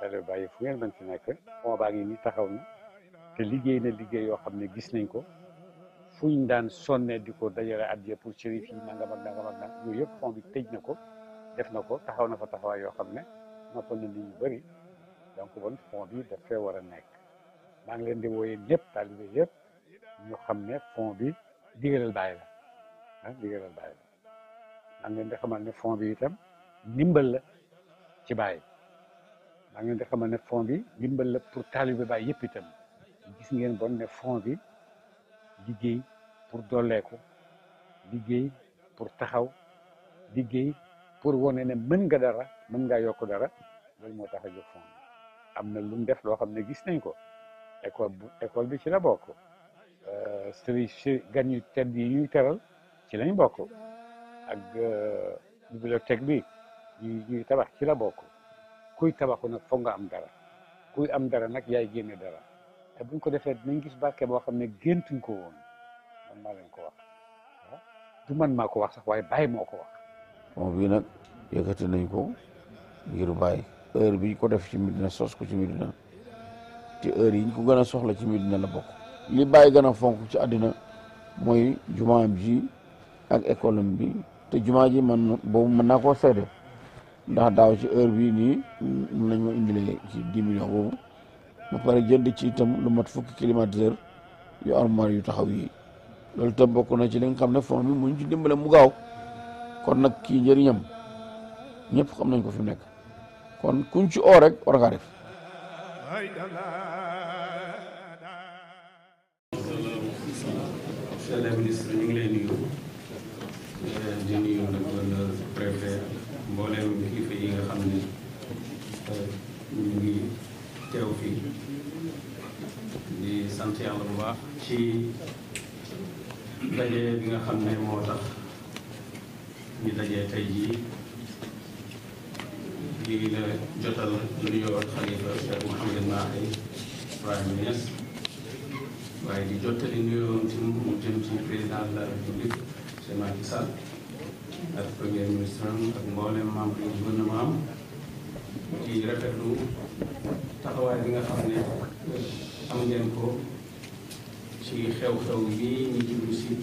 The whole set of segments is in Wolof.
tali bàyyi fu ngeen mën ci nekk fond baa ngi ni taxaw na te liggéey na liggéey yoo xam ne gis nañ ko fu ñu daan sonne di ko dajale addiya pour shérif yi nangam ak nangam ak nangam yëpp fond bi tëj na ko def na ko taxaw na fa taxawaay yoo xam ne noppal na nit ñu bëri donc bon fond bi daf war a nekk maa ngi leen di wooyee ñëpp taalibe yëpp ñu xam ne fon bi digalal bàyyi la ah digalal bàyyi la maa ngi leen di xamal ne fond bi itam ndimbal la ci bàyyi maa ngi leen di xamal ne fond bi ndimbal la pour taalibe Baay yëpp itam gis ngeen bon ne fond bi liggéey pour dollee ko liggéey pour taxaw liggéey pour wone ne mën nga dara mën ngaa yokk dara loolu moo tax a jóg fond am na lu mu def loo xam ne gis nañ ko école bu école bi ci la bokk euh, sëriñ si gan yu ñuy teral ci lañ bokk ak euh, bibliothèque bi ñuy tabax ci la bokk kuy tabaku nag foog nga am dara kuy am dara nag yaay génne dara te buñ ko defee dinañ gis barke boo xam ne géntuñ ko woon man maa ko wax man maa ko wax sax waaye bàyyi moo ko wax. bon bii nag yëkkati nañ ko ngir bàyyi heure bi ko def ci Medina sos ko ci Medina te heure yi ñu ko gën a soxla ci na la bokk. li bàyyi gën a fonk ci àddina mooy jumaam ji ak école bi te jumaa ji man boobu mën naa koo seede ndax daaw ci heure bii nii mun nañ ma indilee ci dix millions boobu ba pare jënd ci itam lu mat fukki climatiseur yu armoire yu taxaw yii loolu itam bokk na ci li nga xam ne fond bi muñ ci dimbale mu gaaw kon nag kii njëriñam ñépp xam nañ ko fi nekk kon kuñ ci oo rek war ngaa def mbooleem kilifa yi nga xam ne euh, ñu ngi teew fii di sant yàlla bu baax ci daje bi nga xam ne moo tax ñu daje tey jii di la jotal nuyoo ak xalifa Cheikh Mouhamadou Mahi Ibrahima Niass waaye di jottali nuyoo ci mu jëm ci président de la république Macky ak premier ministre am ak mboolem membre yu gouvernement am ci rafetlu taxawaay bi nga xam ne am ngeen ko ci xew-xew yi ñu jublu si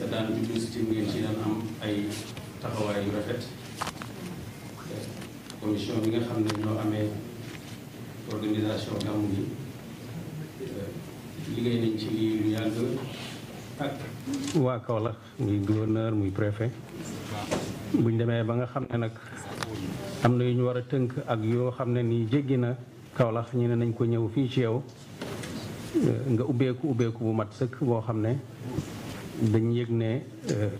te daan jublu si ngeen ci daan am ay taxawaay yu commission bi nga xam ne ñoo amee organisation gàmmu liggéey nañ ci lii yàgg ak waa Kaolack muy gouverneur muy préfet buñ demee ba nga xam ne nag am na yu ñu war a tënk ak yoo xam ne nii jéggi na kawlax ñu ne nañ ko ñëw fii ci yow euh, nga ubbeeku ubbeeku bu mat sëkk boo xam ne dañ yëg ne euh,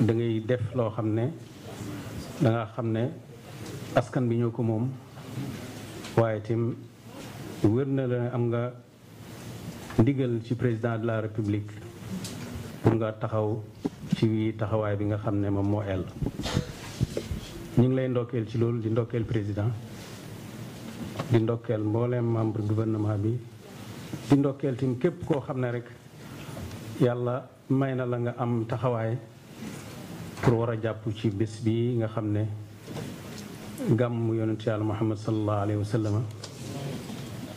da ngay def loo xam ne danga xam ne askan bi ñoo ko moom waaye tim wér na la am nga ndigal ci président de la république pour nga taxaw ci taxawaay bi nga xam ne moom moo ñu ngi lay ndokkeel ci loolu di ndokkeel président di ndokkeel mbooleem membre gouvernement bi di ndokkeel tim képp koo xam ne rek yàlla may na la nga am taxawaay pour war a jàpp ci bés bi nga xam ne gàmm yonent yàlla muhammad sallallahu alayhi wa sallam nga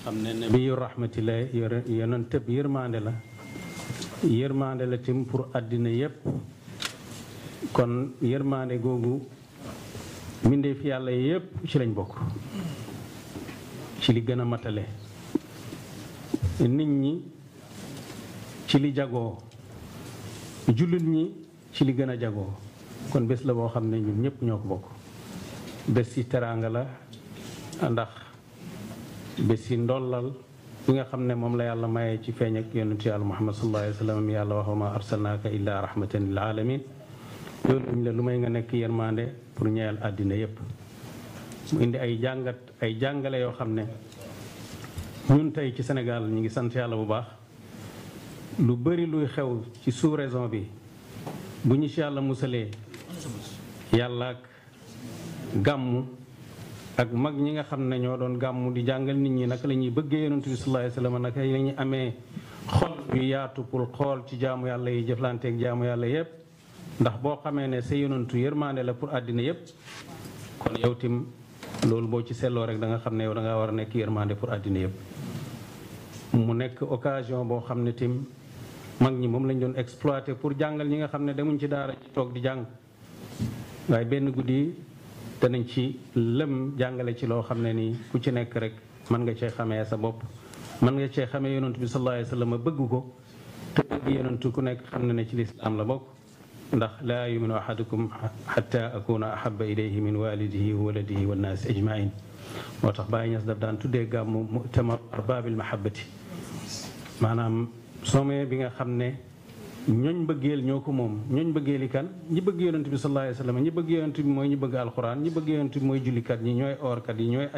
xam ne nabiyu la yërmaande la tim pour àddina yépp kon yërmaande googu mbindeef yàlla yépp ci lañ bokk ci li gën a matale nit ñi ci li jagoo jullit ñi ci li gën a jagoo kon bés la boo xam ne ñun ñëpp ñoo ko bokk bés ci teraanga la ndax bés ci ndollal bi nga xam ne moom la yàlla maye ci feeñ ak yonentu yàlla muhammad sallallahu alayhi wa sallam yàlla wax wa ma arsalnaaka illaa rahmatan lil alamin loolu ñu la lu may nga nekk yërmande pour ñeyal àddina yépp mu indi ay jàngat ay jàngale yoo xam ne ñun tey ci Sénégal ñu ngi sant yàlla bu baax lu bari luy xew ci sous raison bi bu ñu ci yàlla musalee yàlla ak gàmmu ak mag ñi nga xam ne ñoo doon gàmmu di jàngal nit ñi naka la ñuy bëggee yonent bi sallallahu alayhi wa sallam naka la ñuy amee xol yu yaatu pour xool ci jaamu yàlla yi jëflanteeg jaamu yàlla yépp ndax boo xamee ne sa yonentu yërmaande la pour àddina yépp kon yow tim loolu boo ci seetloo rek da nga xam ne yow da ngaa war a nekk yërmaande pour àddina yépp mu nekk occasion boo xam ne tim mag ñi moom lañ doon exploité pour jàngal ñi nga xam ne demuñ ci daara toog di jàng danañ ci lëm jàngale ci loo xam ne nii ku ci nekk rek mën nga cee xam xamee sa bopp mën nga cee xam xamee yonantu bi sallallahu alayhi wa sallam bëgg ko te bëgg yonantu ku nekk xam na ne ci lislaam la bokk ndax laa yuminu ahadukum xata akuna ahaba ilayhi min walidihi wa waladihi wa nnaasi ajmain moo tax Baay Ñas daf daan tuddee gàmmu mutamar arbaabil mahabati maanaam sommet bi nga xam ne ñooñ bëggeel ñoo ko moom ñooñ bëggeeli kan ñi bëgg yonent bi sallallahu alayhi wasallam ñi bëgg yonent bi mooy ñi bëgg alxuraan ñi bëgg yonent bi yi ñooy oorkat yi ñooy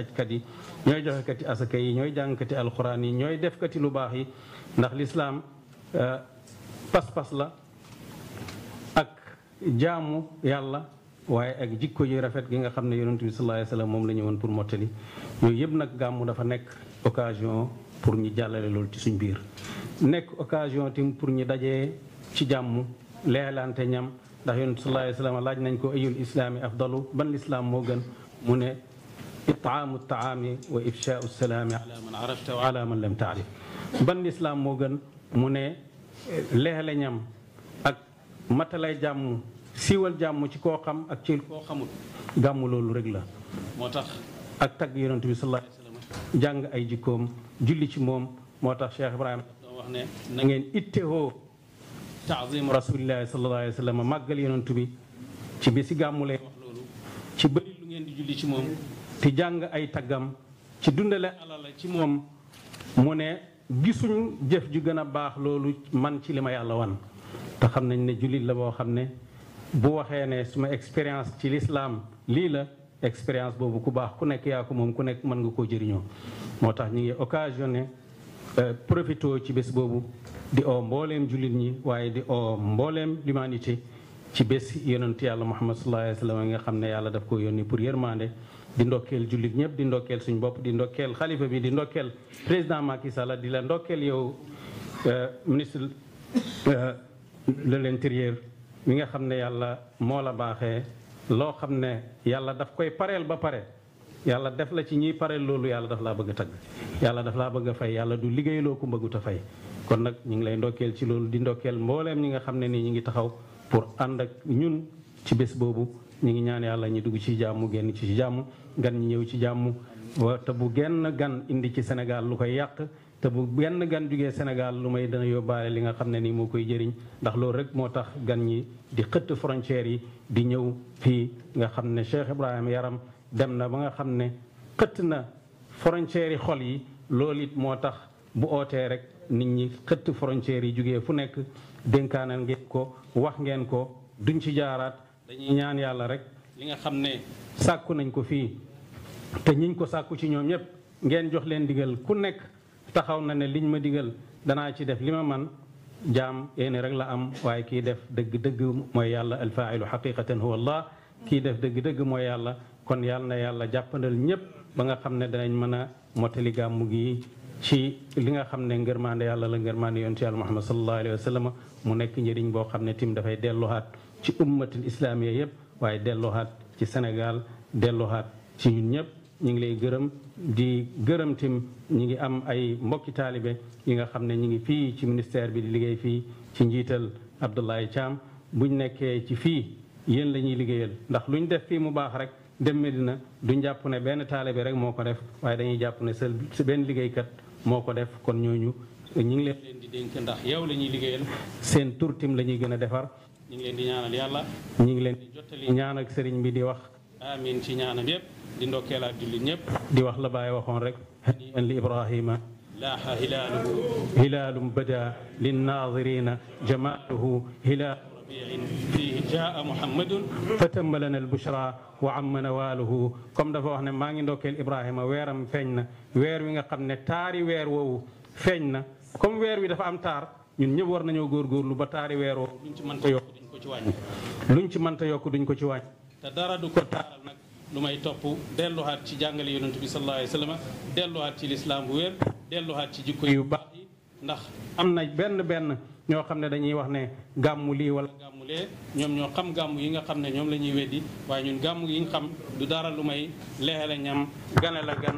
ajkat yi lu baax yi ndax lislaam euh, pas-pas la ak jaamu yàlla waaye ak jikko yu rafet gi nga xam ne yonent bi sallallahu alayhi moom la ñëwoon pour mottali yooyu yëpp nag gàmmu dafa nekk occasion pour ñu jàllale loolu ci suñ biir nekk occasion tim pour ñu dajee ci jàmm leelante ñam ndax yonent sallallahu alayhi wa sallam laaj nañ ko ayul islaami afdalu ban lislaam moo gën mu ne itaamu taami wa ifshaau salaami ala man arafta wa ala man lam taarif ban lislaam moo gën mu ne leele ñam ak matalay jàmm siiwal jàmm ci koo xam ak ci rek la moo tax ak tagg yonent ay jikkoom ci moom moo tax taazimu rasulillahi sallallahu alayhi wa sallam màggal yonent bi ci bi si gàmmu lay wax loolu ci bëri lu ngeen di julli ci moom te jàng ay taggam ci dundale alala ci moom mu ne gisuñ jëf ju gën a baax loolu man ci li ma yàlla wan te xam nañ ne jullit la boo xam ne bu waxee ne suma expérience ci lislaam lii la expérience boobu ku baax ku nekk yaa ko moom ku nekk mën nga koo jëriñoo moo tax ñu ngi occasionné euh, profito ci bés boobu di oo mbooleem jullit ñi waaye di oo mbooleem l'humanité ci bés yonent yàlla muhammad sallallahu alayhi wa sallam nga xam ne yàlla daf ko yónni pour yërmande di ndokkeel jullit ñëpp di ndokkeel suñu bopp di ndokkeel xalifa bi di ndokkeel président Macky Sall di la ndokkeel yow euh, ministre leen euh, l'intérieur mi nga xam ne yàlla moo la baaxee loo xam ne yàlla daf koy pareel ba pare yàlla def la ci ñiy pareel loolu yàlla daf laa bëgg a tagg yàlla daf laa bëgg fay yàlla du liggéey loo ku a fay kon nag ñu ngi lay ndokkeel ci loolu di ndokkeel mbooleem ñi nga xam ne ni ñu ngi taxaw pour ànd ak ñun ci bés boobu ñu ngi ñaan yàlla ñu dugg ci jàmm génn ci jàmm gan ñi ñëw ci jàmm wa te bu genn gan indi ci senegal lu koy yàq te bu genn gan jugee Sénégal lu may dana yóbbaale li nga xam ne nii moo koy jëriñ ndax loolu rek moo tax gan ñi di xëtt frontières yi di ñëw fii nga xam ne Cheikh Ibrahima Yaram dem na ba nga xam ne xëtt na frontières yi xol yi moo tax bu ootee rek nit ñi xëtt frontières yi jugee fu nekk dénkaanal ngeen ko wax ngeen ko duñ ci jaaraat dañuy ñaan yàlla rek li nga xam ne sàkku nañ ko fii te ñiñ ko sàkku ci ñoom ñëpp ngeen jox leen digal ku nekk taxaw na ne liñ ma digal danaa ci def li ma man jaam yéene rek la am waaye kiy def dëgg-dëgg mooy yàlla alfaailu xaqiqatan huwa allah kii def dëgg-dëgg mooy yàlla kon yàlla na yàlla jàppandal ñëpp ba nga xam ne danañ mën a motali gàmmu gii ci li nga xam ne ngërmaande yàlla la ngërmaande yonent yàlla muhammad sallallahu alayhi wa sallam mu nekk njëriñ boo xam ne tim dafay delluwaat ci ummatul islaamiya yëpp waaye delluwaat ci Sénégal delluwaat ci ñun ñëpp ñu ngi lay gërëm di gërëm tim ñu ngi am ay mbokki taalibe yi nga xam ne ñu ngi fii ci ministère bi di liggéey fii ci njiital Abdoulaye bu ñu nekkee ci fii yéen lañuy ñuy liggéeyal ndax luñ def fii mu baax rek dem Medina du jàpp ne benn taalibe rek moo ko def waaye dañuy jàpp ne seul benn liggéeykat moo ko def kon ñooñu ñu ngi leen di dénk ndax yow la ñuy liggéeyal seen turtim la ñuy gën a defar ñu ngi leen di ñaanal yàlla ñu ngi leen di ñaan ak sëriñ bi di wax amin ci ñaanam yépp di ndokkeelaat jullit ñépp di wax la bàyyi waxoon rek hani an li ibrahima laaxa hilaaluhu hilaalum bada linnaazirina jamaaluhu hilaalu fa tëmma lana al bushra wa am amma nawaaluhu comme dafa wax ne maa ngi ndokkeel Ibrahima weeram feeñ na weer wi nga xam ne taari weer woowu feeñ na comme weer wi dafa am taar ñun ñëpp war nañoo góor góorlu ba taari weer woowu luñ ci mënta yokk duñ ko ci wàññi luñ ci mënta yokk duñ ko ci wàññi te dara du ko taaral nag lu may topp delluwaat ci jàngale yonent bi sallallahu alayhi wa sallam delluwaat ci lislaam bu wér delluwaat ci jikko yu baax yi ndax am na benn benn ñoo xam ne dañuy wax ne gàmmu lii walla gàmmu lee ñoom ñoo xam gàmmu yi nga xam ne ñoom la ñuy weddi waaye ñun gàmmu yi nga xam du dara lu may lexe la ñam gane la gan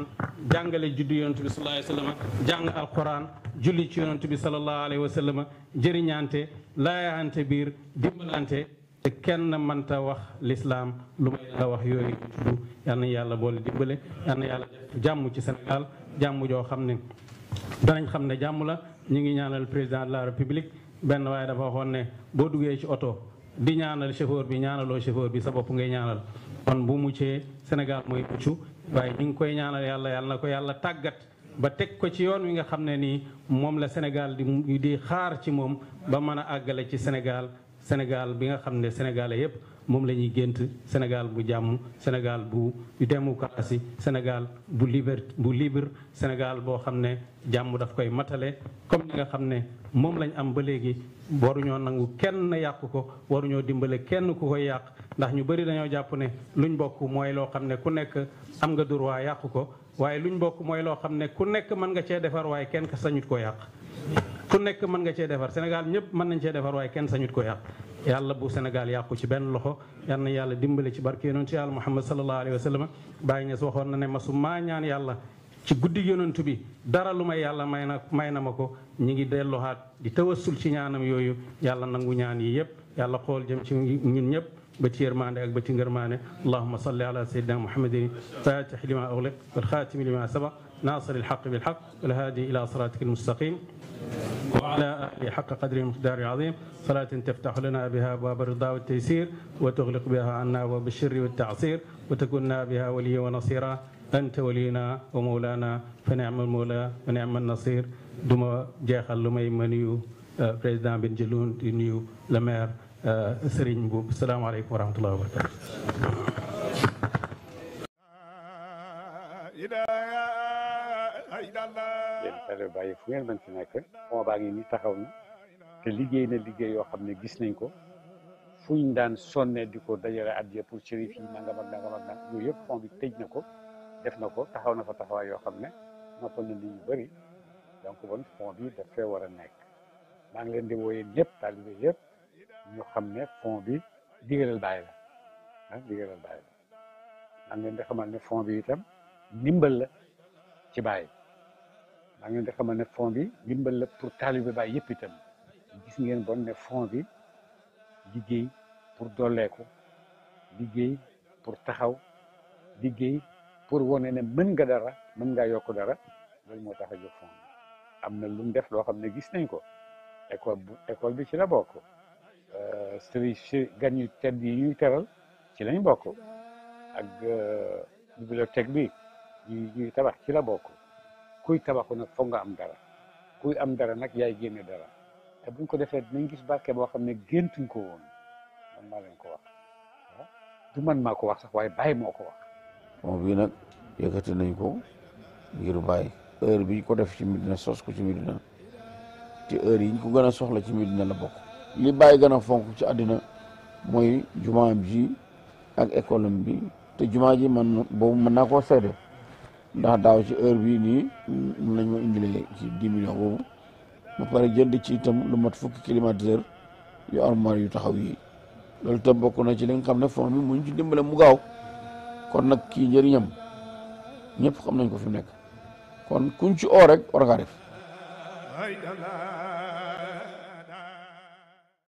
jàngale juddu yonent bi sallallahu alayhi wa sallam julli ci bi sallallahu alayhi wa sallam jëriñante laayante biir dimbalante te kenn mënta wax lislaam lu may la wax yooyu tudd yàlla boole dimbale yal na yàlla jàmm ci Sénégal jàmm joo xam ne danañ xam ne jàmm la ñu ngi ñaanal président de la république benn waaye dafa waxoon ne boo duggee ci oto di ñaanal chauffeur bi ñaanaloo chauffeur bi sa bopp ngay ñaanal kon bu muccee Sénégal mooy mucc waaye ñu ngi koy ñaanal yàlla yàlla na ko yàlla tàggat ba teg ko ci yoon wi nga xam ne nii moom la Sénégal di di xaar ci moom ba mën a àggale ci Sénégal Sénégal bi nga xam ne sénégalais yépp moom la ñuy gént Sénégal bu jàmm Sénégal bu démocratie Sénégal bu liberté bu libre Sénégal boo xam ne jàmm daf koy matale comme ni nga xam ne moom lañ am ba léegi waruñoo nangu kenn yàq ko waruñoo dimbale kenn ku koy yàq ndax ñu bëri dañoo jàpp ne luñ bokk mooy loo xam ne ku nekk am nga droit yàq ko waaye luñ bokk mooy loo xam ne ku nekk mën nga cee defar waaye kenn ka sañut ko yàq ku nekk mën nga cee defar Sénégal ñëpp mën nañ cee defar waaye kenn sañut ko yàq yàlla bu Sénégal yàqu ci benn loxo yal na yàlla dimbale ci barke yonent yàlla Muhammad sallallahu alayhi wa sallam Baye Niass waxoon ci guddi yonent bi dara lu may yàlla may na may na ma ko ñi ngi delluwaat di tawassul ci ñaanam yooyu yàlla nangu ñaan yi yëpp yàlla xool jëm ci ñun ñëpp ba ci yërmande ak ba ci ngërmaande allahumma salli ala sayyidina muhammadin fatih lima ughliq wal xaatimi lima sabaq ناصر الحق بالحق والهادي إلى صراطك المستقيم وعلى أهل حق قدر المقدار العظيم صلاة تفتح لنا بها باب الرضا والتيسير وتغلق بها عنا باب الشر والتعصير وتكوننا بها وليا ونصيرا أنت ولينا ومولانا فنعم المولى ونعم النصير duma jeexal lu may ma nuyu président Bengelloune di nuyu le maire Serigne Mboup salaamaaleykum wa rahmatullahi wa barakatu dara bàyyi fu ngeen mën si nekk fond baa ngi ni taxaw liggéey na liggéey yoo xam ne gis nañ ko fuñ daan sonne di ko dajale addiya pour chérif yi nangam ak nangam ak yëpp fond bi tëj na ko def na ko taxaw na fa taxawaay yoo xam ne noppal na li ñu bëri donc bon war a nekk maa ngi leen di wooyee ñëpp taalibe yëpp ñu xam ne fond bi digalal bàyyi la ah digalal bàyyi la maa ngi leen di xamal ne fond bi itam ndimbal la ci bàyyi maa ngi leen di xamal ne fond bi ndimbal la pour taalibe Baay yëpp itam gis ngeen bon ne fond bi liggéey pour dolleeku liggéey pour taxaw liggéey pour wone ne mën nga dara mën ngaa yokk dara loolu moo tax a fond am na lu mu def loo xam ne gis nañ ko école bu école bi ci la bokk euh, sëriñ si gan yu tedd yi ñuy teral ci lañ bokk ak euh, bibliothèque bi ñuy tabax ci la bokk kuy tabaku nag foog nga am dara kuy am dara nag yaay génne dara te buñ ko defee dinañ gis barke boo xam ne géntuñ ko woon man maa leen ko wax du man maa ko wax sax waaye bàyyi moo ko wax bon bii nag yëkkati nañ ko ngir bàyyi heure biñ ko def ci Medina sos ko ci Medina ci heure yiñ ko gën a soxla ci Medina la bokk li bàyyi gën a fonk ci àddina mooy jumaa ji ak école bi te jumaa ji man boobu mën naa koo seede ndax daaw ci heure bii nii mun nañ ma indilee ci dix millions boobu pare jënd ci itam lu mat fukki climatiseur yu armoire yu taxaw yi loolu itam bokk na ci li nga xam ne fond bi mu ci dimbale mu gaaw kon nag kii njëriñam ñëpp xam nañ ko fi nekk kon kuñ ci oo rek war ngaa def